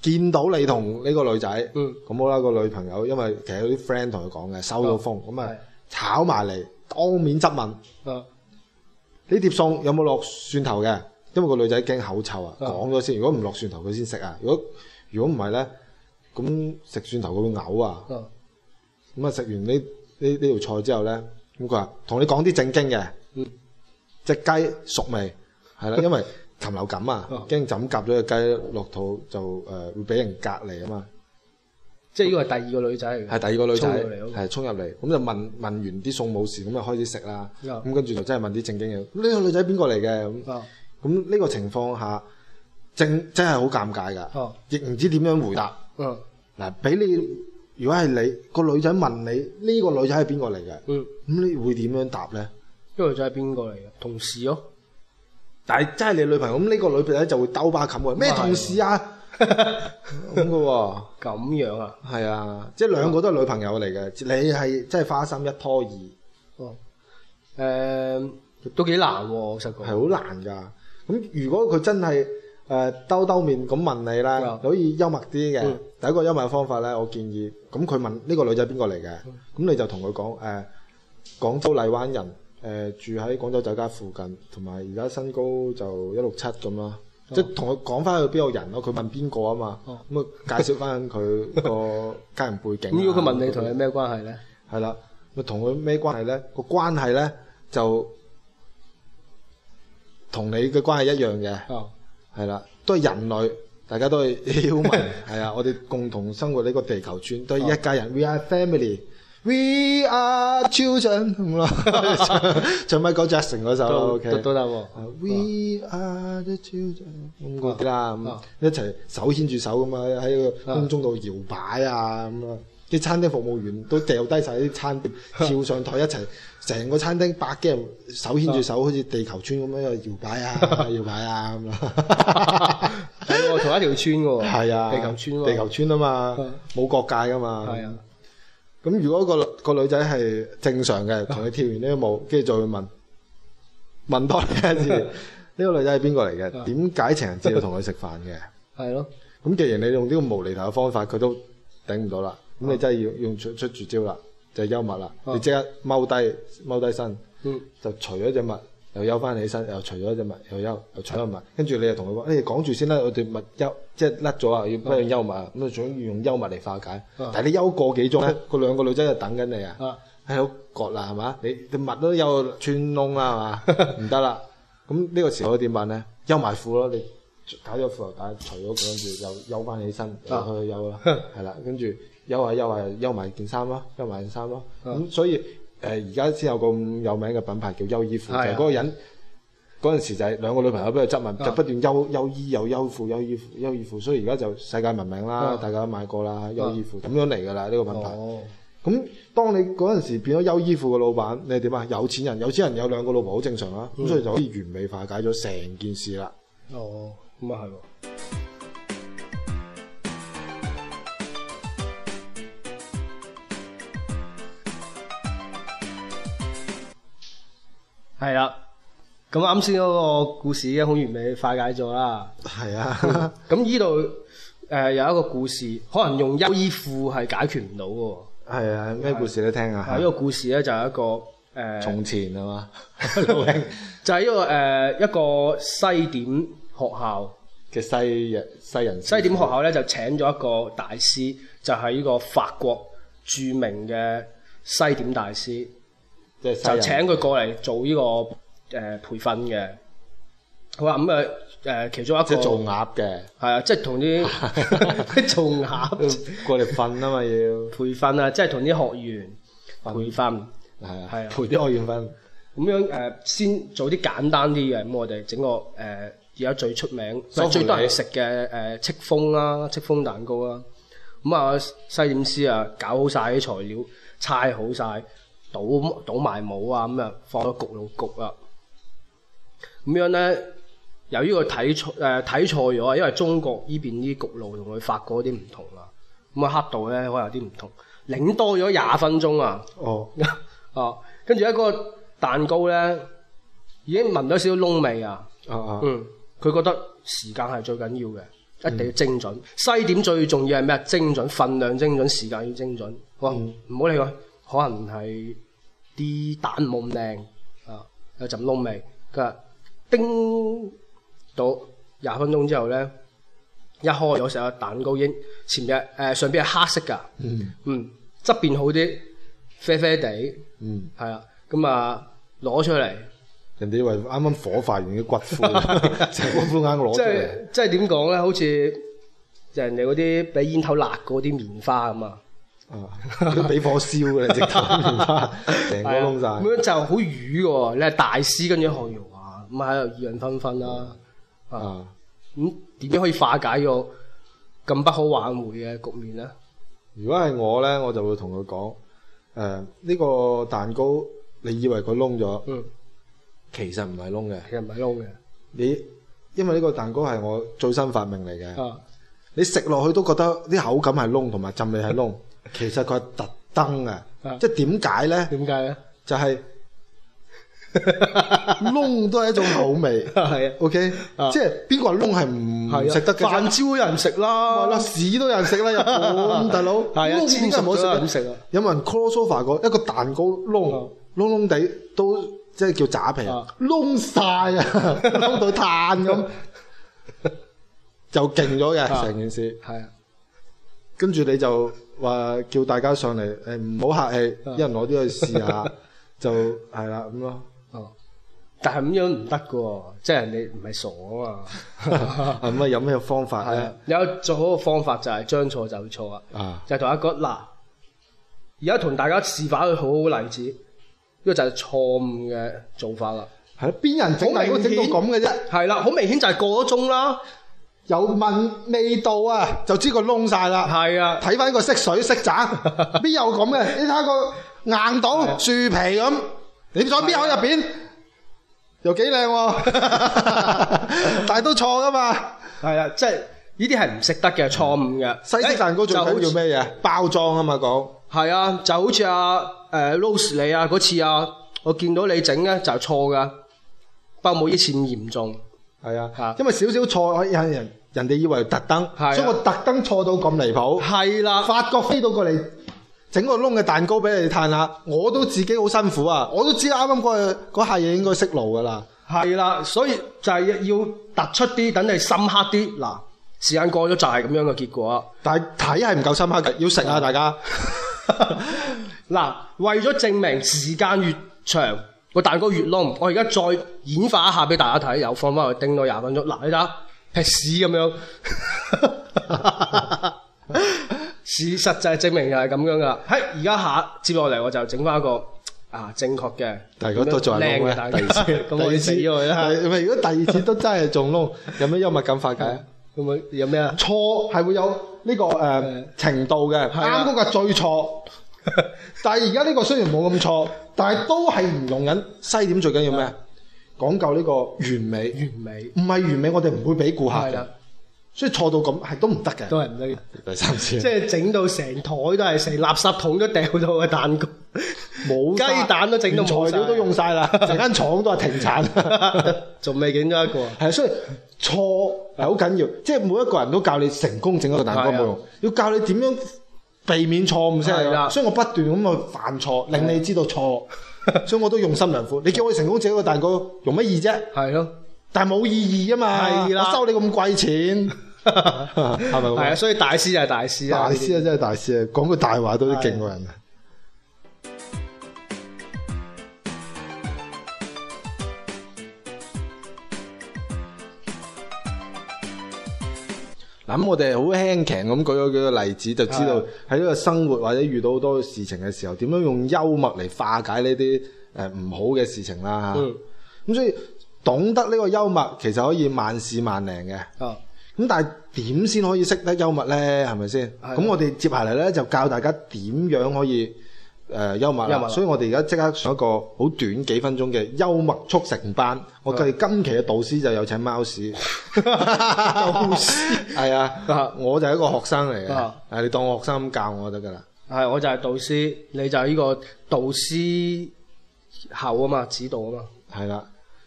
見到你同呢個女仔，咁好啦個女朋友，因為其實有啲 friend 同佢講嘅，收到風咁啊，炒埋嚟當面質問，呢碟餸有冇落蒜頭嘅？因為個女仔驚口臭啊，講咗先。如果唔落蒜頭佢先食啊，如果如果唔係咧，咁食蒜頭佢會嘔啊。咁啊！食完呢呢呢道菜之後咧，咁佢話：同你講啲正經嘅，隻雞熟未？係啦，因為禽流感啊，驚枕夾咗隻雞落肚就誒會俾人隔離啊嘛。即呢個係第二個女仔嚟，係第二個女仔，係衝入嚟。咁就問問完啲餸冇事，咁就開始食啦。咁跟住就真係問啲正經嘅。呢個女仔邊個嚟嘅？咁呢個情況下，正真係好尷尬㗎，亦唔知點樣回答。嗱，俾你。如果係你、個女仔問你呢、呢個女仔係邊個嚟嘅？嗯，咁你會點樣答咧？呢個女仔係邊個嚟嘅？同事咯、哦，但係真係你女朋友，咁呢個女朋友就會兜巴冚嘅，咩的同事啊？咁嘅喎，咁樣啊？係 啊，即係兩個都係女朋友嚟嘅， 你係真係花心一拖二。哦，誒、嗯，都幾難喎，我實講係好難㗎。咁如果佢真係誒兜兜面咁問你啦，可以幽默啲嘅。第一個幽默嘅方法咧，我建議咁佢問呢個女仔邊個嚟嘅，咁你就同佢講誒廣州荔灣人，誒住喺廣州酒家附近，同埋而家身高就一六七咁咯。即係同佢講翻佢邊個人咯。佢問邊個啊嘛，咁啊介紹翻佢個家人背景。如果佢問你同你咩關係咧，係啦，咪同佢咩關係咧？個關係咧就同你嘅關係一樣嘅。係啦，都係人類，大家都係小民，係啊，我哋共同生活呢個地球村都係一家人。We are family, we are children，咁咯，唱咪嗰隻阿成嗰首咯。都得喎。We are the children，咁嗰啲啦，一齊手牽住手咁啊，喺個空中度搖擺啊咁啊，啲餐廳服務員都掉低晒啲餐碟，跳上台一齊。成個餐廳百幾人手牽住手，好似地球村咁樣又搖擺啊，搖擺啊咁咯。係喎，同一條村嘅喎。係啊，地球村啊，地球村啊嘛，冇國界噶嘛。係啊。咁如果個個女仔係正常嘅，同佢跳完呢個舞，跟住再去問問多你一次，呢個女仔係邊個嚟嘅？點解情人節要同佢食飯嘅？係咯。咁既然你用呢個無厘頭嘅方法，佢都頂唔到啦。咁你真係要用出絕招啦。就休物啦，你即刻踎低踎低身，就除咗隻襪，又休翻起身，又除咗隻襪，又休，又除咗襪，跟住你又同佢講，跟住講住先啦，我對襪休即係甩咗啊，要幫佢休物，咁啊想要用休物嚟化解，但係你休個幾鐘咧，嗰兩個女仔就等緊你啊，喺個角落係嘛，你對襪都有穿窿啦係嘛，唔得啦，咁呢個時候點辦咧？休埋褲咯，你搞咗褲又解，除咗佢跟住又休翻起身，又去休啦，係啦，跟住。優啊優啊優埋件衫咯，優埋件衫咯，咁所以誒而家先有個咁有名嘅品牌叫優衣庫，的就嗰個人嗰陣時就係兩個女朋友俾佢質問，啊、就不斷優優衣有優庫優衣庫優衣庫，所以而家就世界聞名啦，啊、大家都買過啦優衣庫咁的樣嚟噶啦呢個品牌。咁、哦、當你嗰陣時變咗優衣庫嘅老闆，你係點啊？有錢人有錢人有兩個老婆好正常啦，咁、嗯、所以就可以完美化解咗成件事啦、嗯哦。哦，咁啊係喎。係啦，咁啱先嗰個故事已經好完美化解咗啦。係啊，咁依度誒有一個故事，可能用優衣庫係解決唔到嘅。係啊，咩對故事咧？聽下、呃。呢、這、一個故事咧，就係一個誒，從、呃、前係嘛？ 就係依個誒、呃、一個西點學校嘅西、西人西人。西點學校咧就請咗一個大師，就係、是、呢個法國著名嘅西點大師。就請佢過嚟做呢個誒培訓嘅。佢話咁啊，誒其中一個做鴨嘅。係啊，即係同啲做鴨 過嚟訓啊嘛，要培訓啊，即係同啲學員培訓。係啊，係啊，培啲學員訓。咁樣誒、呃、先做啲簡單啲嘅，咁我哋整個誒而家最出名，最多人食嘅誒戚風啦，戚風蛋糕啦，咁啊西點師啊，搞好晒啲材料，砌好晒。倒倒埋帽啊！咁啊，放咗焗爐焗啦。咁樣咧，由於佢睇錯誒睇錯咗，因為中國依邊啲焗爐發同佢法國啲唔同啦。咁啊，黑度咧可能有啲唔同。擰多咗廿分鐘啊！哦，啊，跟住一個蛋糕咧，已經聞到少少燶味啊！啊啊，嗯，佢覺得時間係最緊要嘅，一定要精準。Oh. 西點最重要係咩啊？精準，份量精準，時間要精準。哇，唔好理佢。可能係啲蛋冇咁靚啊，有陣燶味。佢話叮到廿分鐘之後咧，一開嗰時候蛋糕煙，前日誒上邊係黑色㗎，嗯嗯，側邊好啲啡啡地，嗯，係啊，咁啊攞出嚟，人哋以為啱啱火化完啲骨灰，即係骨灰啱攞出嚟，即係即係點講咧？好似人哋嗰啲俾煙頭辣過啲棉花咁啊！ 啊！俾火燒嘅，你直頭成個窿晒咁樣就好瘀嘅。你係大師跟住何玉華咁喺度議論紛紛啦。啊，咁點樣可以化解這個咁不好挽回嘅局面咧？如果係我咧，我就會同佢講：誒、呃，呢、這個蛋糕你以為佢窿咗？嗯，其實唔係窿嘅，其實唔係窿嘅。你因為呢個蛋糕係我最新發明嚟嘅。啊，你食落去都覺得啲口感係窿，同埋浸味係窿。 其實佢係特登啊，即係點解咧？點解咧？就係窿都係一種口味係啊。OK，即係邊個話窿係唔食得嘅？飯焦有人食啦，屎都有人食啦。大佬，窿點解冇人食啊？有冇人食過一個蛋糕窿窿窿哋都即係叫炸皮啊？窿曬啊，窿到炭咁，就勁咗嘅成件事係啊。跟住你就。話叫大家上嚟，誒，唔好客氣，啊、一人攞啲去試下、 啊，就係啦咁咯。哦，但係咁樣唔得噶即係人哋唔係傻啊嘛。咁 啊 有咩方法咧？有最好嘅方法就係將錯就錯啊，就同一個嗱，而、啊、家同大家示範一個好好嘅例子，呢個就係錯誤嘅做法啦。係邊人整嚟，都整到咁嘅啫？係啦，好明顯就係過咗鐘啦。有問味道啊，就知個窿曬啦。係啊，睇翻個色水色渣，邊有咁嘅？你睇個硬到樹皮咁，你再邊口入邊又幾靚？但係都錯噶嘛。係啊，即係呢啲係唔識得嘅錯誤嘅。西式蛋糕最好做咩嘢？包裝啊嘛講。係啊，就好似阿誒 Louis 你啊嗰次啊，我見到你整呢，就係錯噶，不過冇以前嚴重。係啊，因為少少錯可以嚇人。人哋以為特登，啊、所以我特登錯到咁離譜。係啦、啊，法國飛到過嚟，整個窿嘅蛋糕俾你哋嘆下，我都自己好辛苦啊！我都知啱啱嗰下嘢應該識路噶啦。係啦、啊，所以就係要突出啲，等你深刻啲。嗱，時間過咗就係咁樣嘅結果。但係睇係唔夠深刻嘅，要食啊！大家嗱，為咗證明時間越長，個蛋糕越窿，我而家再演化一下俾大家睇，有放翻去叮多廿分鐘。嗱，你睇。係屎咁 樣，啊、樣，事實際證明又係咁樣噶。喺而家下接落嚟，我就整翻一個啊正確嘅，但係如果都仲係窿嘅，第二次。咁大家 第二次，可可如果第二次都真係仲窿， 有咩幽默感化解啊？咁啊 麼，有咩啊？錯係會有呢、這個誒、呃、程度嘅，啱嗰個最錯。但係而家呢個雖然冇咁錯，但係都係唔容忍。西點最緊要咩？ 講究呢個完美，完美唔係完美，我哋唔會俾顧客嘅，所以錯到咁係都唔得嘅，都係唔得嘅。第三次，即係整到成台都係成垃圾桶都掉到嘅蛋糕，冇雞蛋都整到材料都用晒啦，成間廠都係停產，仲未整咗一個。係啊，所以錯係好緊要，即係每一個人都教你成功整一個蛋糕冇用，要教你點樣避免錯誤先係啦。所以我不斷咁去犯錯，令你知道錯。 所以我都用心良苦，你叫我成功做一個蛋糕，容乜易啫？係咯，但係冇意義啊嘛，係啦的，收你咁貴錢，係 咪？ 係啊，所以大師就係大師啊，大師啊真係大師啊，講句些大話、啊、都啲勁過人。的 咁我哋好輕鬆咁舉咗幾個例子，就知道喺呢個生活或者遇到好多事情嘅時候，點樣用幽默嚟化解呢啲誒唔好嘅事情啦嚇。咁、嗯、所以懂得呢個幽默，其實可以萬事萬靈嘅。咁、嗯、但係點先可以識得幽默呢？係咪先？咁的我哋接下嚟呢，就教大家點樣可以。誒、呃，幽默，幽默，所以我哋而家即刻上一個好短幾分鐘嘅幽默速成班。的我哋今期嘅導師就有請貓屎， 導師係啊， 的 我就係一個學生嚟嘅， 你當我學生咁教我得噶啦。係，我就係導師，你就係呢個導師後啊嘛，指導啊嘛。係啦，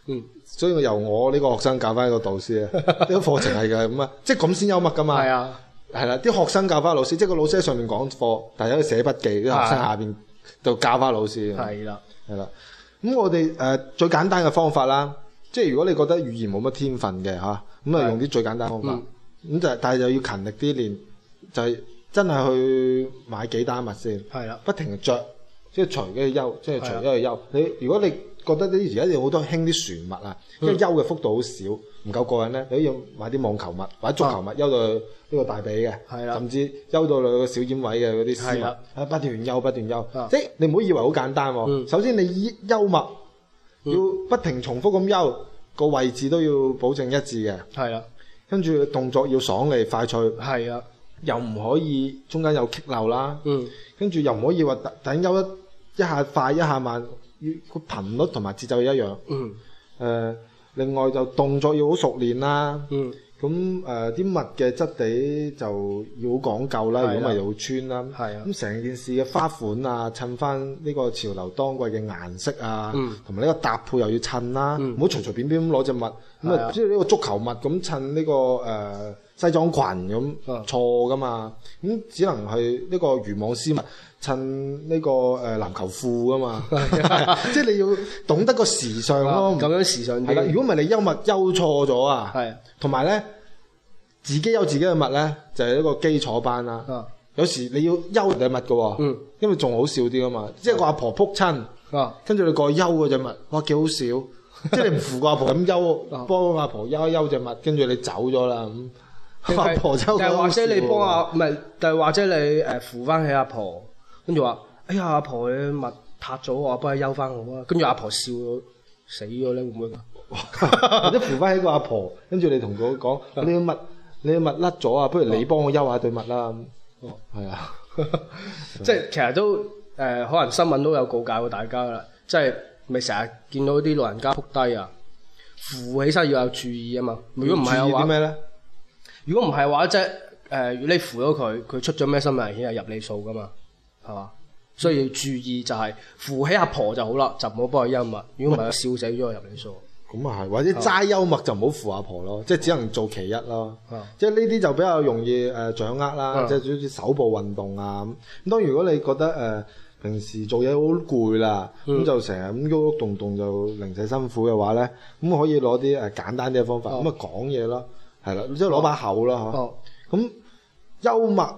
嗯，所以我由我呢個學生教翻個導師啊，啲課 程係嘅咁啊，即係咁先幽默噶嘛。係啊的，係啦，啲學生教翻老師，即係個老師喺上面講課，但係喺度寫筆記，啲學生下邊。 就教翻老師，係啦的，係啦。咁我哋誒、呃、最簡單嘅方法啦，即係如果你覺得語言冇乜天分嘅嚇，咁啊就用啲最簡單方法，咁、嗯、就但係又要勤力啲練，就係、是、真係去買幾單物先，係啦的，不停着，着，即係除咗去休，的即係除咗去休。你如果你覺得啲而家有好多興啲船物啊，即係的、嗯、休嘅幅度好少。唔夠過癮咧，你可以買啲網球襪，或者足球襪，悠到呢個大髀嘅，甚至悠到兩個小肩位嘅嗰啲絲襪，不斷悠不斷悠，即係你唔好以為好簡單喎。首先你幽默，要不停重複咁悠，個位置都要保證一致嘅。係啦，跟住動作要爽利快脆。係啊，又唔可以中間有棘漏啦。嗯，跟住又唔可以話突突然悠一一下快一下慢，要個頻率同埋節奏一樣。嗯，誒。另外就動作要好熟練啦，咁誒啲襪嘅質地就要好講究啦，如果咪係又穿啦。咁成件事嘅花款啊，襯翻呢個潮流當季嘅顏色啊，同埋呢個搭配又要襯啦，唔好隨隨便便咁攞隻襪，咁即係呢個足球襪咁襯呢個誒西裝裙咁錯噶嘛，咁只能係呢個漁網絲襪。趁呢個誒籃球褲噶嘛，即係你要懂得個時尚咯。咁樣時尚啲，如果唔係你幽物休錯咗啊。係，同埋咧自己休自己嘅物咧，就係一個基礎班啦。有時你要休人哋物嘅，因為仲好笑啲噶嘛。即係個阿婆仆親，跟住你過去休嘅隻物，哇，幾好笑。即係你唔扶個阿婆咁休，幫阿婆休一休隻物，跟住你走咗啦。咁阿婆就但係或者你幫阿唔係，但係或者你誒扶翻起阿婆。跟住話：哎呀，阿婆嘅襪塌咗，我不佢修翻我啊。跟住阿婆笑死咗咧，會唔會？你扶翻起個阿婆，跟住你同佢講：你啲襪，你啲襪甩咗啊，不如你幫我修下對襪啦。哦，係啊，即係其實都誒，可能新聞都有告誡過大家啦。即係咪成日見到啲老人家仆低啊，扶起身要有注意啊嘛。如果唔係嘅話，如果唔係嘅話，即係如果你扶咗佢，佢出咗咩生命危險係入你數噶嘛？係嘛，所以要注意就係扶起阿婆就好啦，就唔好幫佢幽默。如果唔係，笑死咗我入你數。咁啊係，或者齋幽默就唔好扶阿婆咯，即係只能做其一咯。即係呢啲就比較容易誒掌握啦，即係好似手部運動啊咁。咁當如果你覺得誒平時做嘢好攰啦，咁就成日咁喐喐動動就零舍辛苦嘅話咧，咁可以攞啲誒簡單啲嘅方法，咁啊講嘢咯，係啦，即係攞把口咯吓。咁幽默。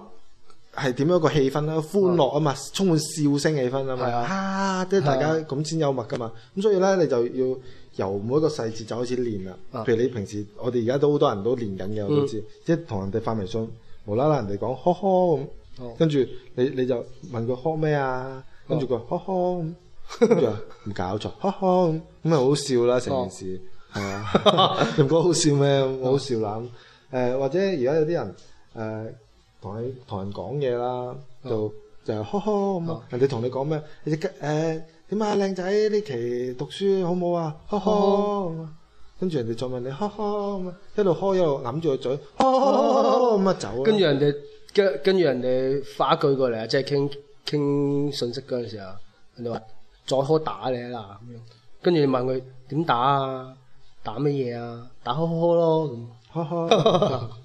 係點樣一個氣氛咧？歡樂啊嘛，充滿笑聲嘅氣氛啊嘛。啊，即係大家咁先幽默噶嘛。咁所以咧，你就要由每一個細節就開始練啦。譬如你平時，我哋而家都好多人都練緊嘅，我都知。即係同人哋發微信，無啦啦人哋講呵呵咁，跟住你你就問佢呵咩啊？跟住佢呵呵，唔搞錯，呵呵咁咪好笑啦！成件事係啊，唔覺好笑咩？好笑啦誒，或者而家有啲人誒。同你同人講嘢啦，就、嗯、就呵呵咁、嗯呃、啊！人哋同你講咩？你隻雞誒點啊？靚仔呢期讀書好唔好啊？呵呵咁啊！跟住呵人哋再問你呵呵咁、嗯、啊！一路開一路攬住個嘴呵呵咁啊走啦！跟住人哋跟跟住人哋發一句過嚟啊，即係傾傾信息嗰陣時候，人哋話再開打你啦咁樣。跟住你問佢點打啊？打乜嘢啊？打呵呵，呵咯咁。呵呵。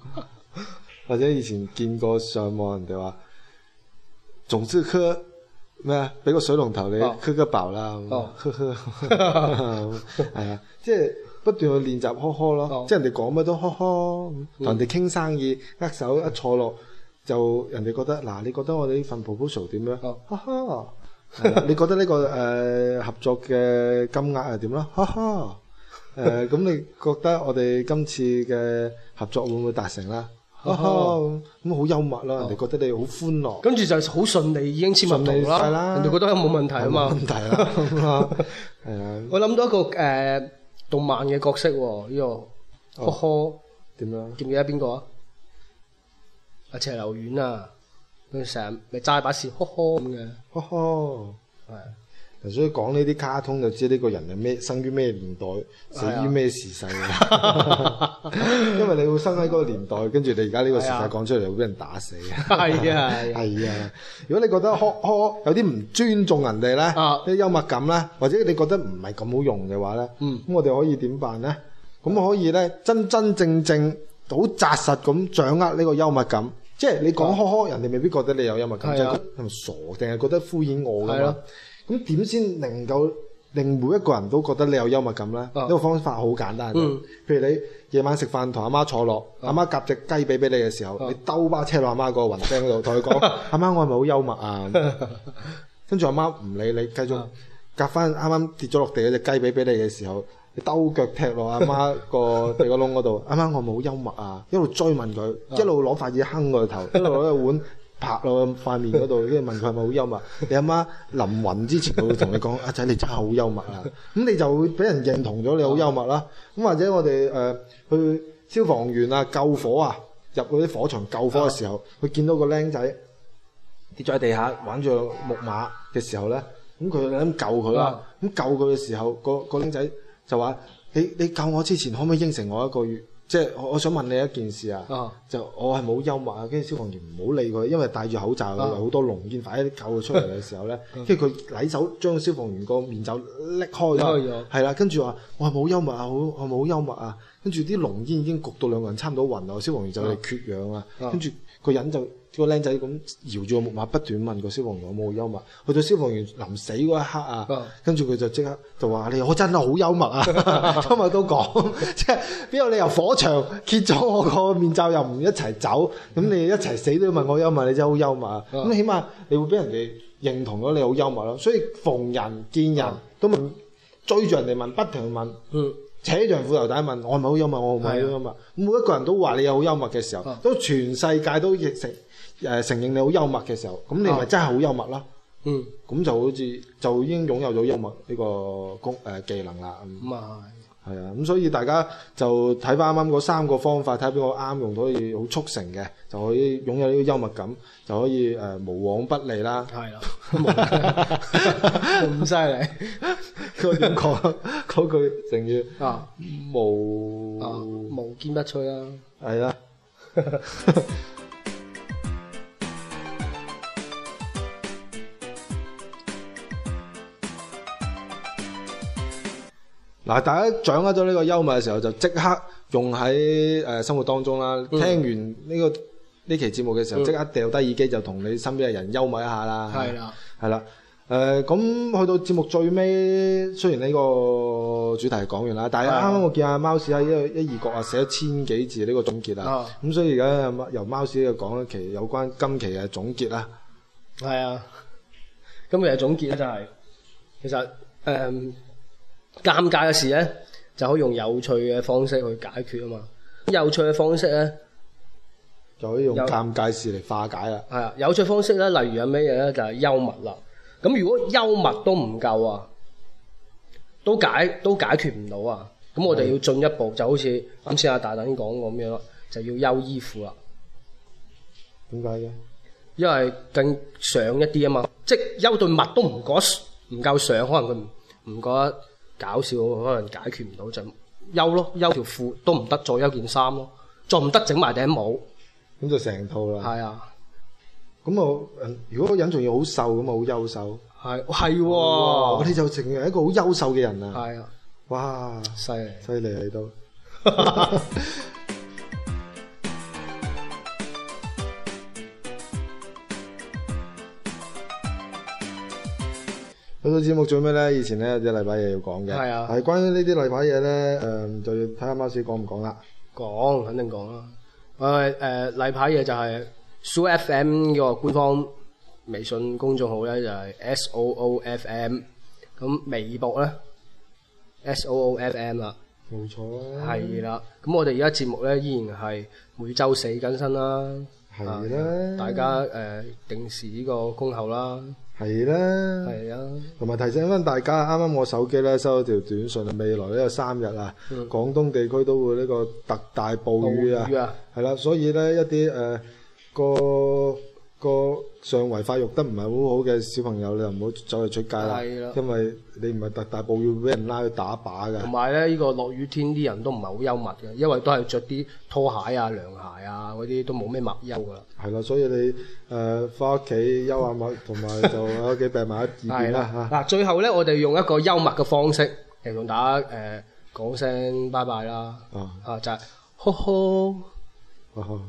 或者以前見過上網人哋話，總之磕咩啊？俾個水龍頭你磕個爆啦！哦，呵呵，呵，係啊，即係不斷去練習呵呵咯。即係、oh. 人哋講乜都呵呵，同人哋傾生意握手一坐落、mm. 就人哋覺得嗱，你覺得我哋呢份 proposal 點樣？哈哈，你覺得呢、呢個誒、呃、合作嘅金額係點咯？哈 哈、呃，誒咁你覺得我哋今次嘅合作會唔會達成啦？哦，咁好幽默啦。人哋覺得你好歡樂，跟住就好順利，已經簽合同啦，人哋覺得冇問題啊嘛，冇問題啦，係啊，我諗到一個誒動漫嘅角色喎，呢個呵呵點樣？記唔記得邊個啊？阿赤留丸啊，佢成日咪揸把扇，呵呵咁嘅，呵呵係。所以講呢啲卡通就知呢個人係咩生於咩年代，死於咩時勢。是啊、 因為你會生喺嗰個年代，跟住、啊、你而家呢個時代講出嚟，會俾人打死。係啊，係啊。如果你覺得呵呵有啲唔尊重人哋咧，啲、啊、幽默感咧，或者你覺得唔係咁好用嘅話咧，咁、嗯、我哋可以點辦咧？咁可以咧，真真正正好紮實咁掌握呢個幽默感。即、就、係、是、你講呵呵，是啊、人哋未必覺得你有幽默感，係咪傻，定係覺得敷衍我㗎嘛？是啊咁點先能夠令每一個人都覺得你有幽默感呢？呢個方法好簡單。譬如你夜晚食飯同阿媽坐落，阿媽夾隻雞髀俾你嘅時候，你兜巴車落阿媽個雲頂嗰度，同佢講：阿媽，我係咪好幽默啊？跟住阿媽唔理你，繼續夾翻啱啱跌咗落地嗰隻雞髀俾你嘅時候，你兜腳踢落阿媽個地個窿嗰度，阿媽我係咪好幽默啊？一路追問佢，一路攞筷子坑佢個頭，一路攞個碗。拍落，塊面嗰度，跟住問佢係咪好幽默？你阿媽臨暈之前會同你講：阿、 啊、仔，你真係好幽默啊！咁你就會俾人認同咗你好幽默啦。咁或者我哋誒、呃、去消防員啊救火啊，入嗰啲火場救火嘅時候，佢見到個僆仔跌咗喺地下玩住木馬嘅時候咧，咁佢咁救佢啦。咁救佢嘅時候，啊時候那個個僆仔就話：你你救我之前，可唔可以應承我一個月？即係我想問你一件事啊，uh huh. 就我係冇幽默啊，跟住消防員唔好理佢，因為戴住口罩，佢好、uh huh. 多濃煙，快啲救佢出嚟嘅時候咧，跟住佢舐手將個消防員個面罩拎開咗，係啦、uh，跟住話，我係冇幽默啊，好係冇幽默啊？跟住啲濃煙已經焗到兩個人差唔多暈啊，消防員就係缺氧啊，跟住個人就。個僆仔咁搖住個木馬，不斷問個消防員有冇幽默。去到消防員臨死嗰一刻啊，跟住佢就即刻就話 你：我真係好幽默啊！今日都講，即係邊個你由火場揭咗我個面罩又唔一齊走，咁你一齊死都要問我幽默，你真係好幽默啊。咁起碼你會俾人哋認同咗你好幽默咯。所以逢人見人都問，追住人哋問，不停問，是的 扯住副頭帶問我係咪好幽默？我係咪好幽默？是的 嗯、每一個人都話你有好幽默嘅時候，都全世界都認識。都誒、呃、承認你好幽默嘅時候，咁你咪真係好幽默囉。嗯，咁就好似就已經擁有咗幽默呢個功誒、呃、技能啦。咁啊、uh，係、huh. 啊、嗯，咁所以大家就睇翻啱啱嗰三個方法，睇下邊個啱用到，可以好促成嘅，就可以擁有呢個幽默感，就可以誒、呃、無往不利啦。係啊，咁犀利，佢點講嗰句成語啊，無無堅不摧啦。係啦。嗱，大家掌握咗呢個幽默嘅時候，就即刻用喺誒、呃、生活當中啦。嗯、聽完呢、這個呢期節目嘅時候，即、嗯、刻掉低耳機就同你身邊嘅人幽默一下啦。係啦的，係啦的。誒，咁、呃嗯、去到節目最尾，雖然呢個主題講完啦，但係啱啱我見阿貓屎喺一一二角啊，寫千幾字呢個總結啦。咁的、嗯、所以而家由貓屎嚟講一期有關今期嘅總結啦。係啊，今日嘅總結咧就係其實誒。嗯嗯嗯嗯嗯尷尬嘅事咧，就可以用有趣嘅方式去解決啊嘛！有趣嘅方式咧，就可以用尷尬事嚟化解啦。係啊，有趣方式咧，例如有咩嘢咧，就係幽默啦。咁如果幽默都唔夠啊，都解都解決唔到啊，咁我哋要進一步，就好似啱先阿大等講過咁樣啦，就要優衣庫啦。點解嘅？因為更上一啲啊嘛，即係優對物都唔覺得唔夠上，可能佢唔唔覺得。搞笑可能解決唔到就休咯，休條褲都唔得，再休件衫咯，再唔得整埋頂帽，咁就成套啦。係啊，咁啊，如果個人仲要好瘦咁啊，好優秀。係，係我哋就成為一個好優秀嘅人啊。係啊，哇，犀利害，犀利你都。 做啲節目做咩咧？以前咧有啲例牌嘢要講嘅，係啊，係關於呢啲例牌嘢咧，誒，就要睇阿馬 Sir 講唔講啦。講，肯定講啦。誒，誒，例牌嘢就係 SooFM 個官方微信公眾號咧，就係 SooFM。咁微博咧，SooFM 啦。冇錯。係啦，咁我哋而家節目咧依然係每週四更新啦。係啦。大家誒定時呢個公號啦。係啦，係啊，同埋提醒翻大家，啱啱我手機咧收到條短信啊，未來呢有三日啊，廣、嗯、東地區都會呢個特大暴雨啊，係啦、啊啊，所以咧一啲誒個個，個上圍發育得唔係好好嘅小朋友，你又唔好走嚟出街啦。了因為你唔係大大步要俾人拉去打靶㗎。同埋咧，依、呢個落雨天啲人都唔係好幽默嘅，因為都係着啲拖鞋啊、涼鞋啊嗰啲，都冇咩物休㗎啦。係啦，所以你誒返屋企休下咪，同埋 就喺屋企病埋一陣啦。嗱 最後咧，我哋用一個幽默嘅方式嚟同大家誒講、呃、聲拜拜啦。啊，就係呵呵。啊哈。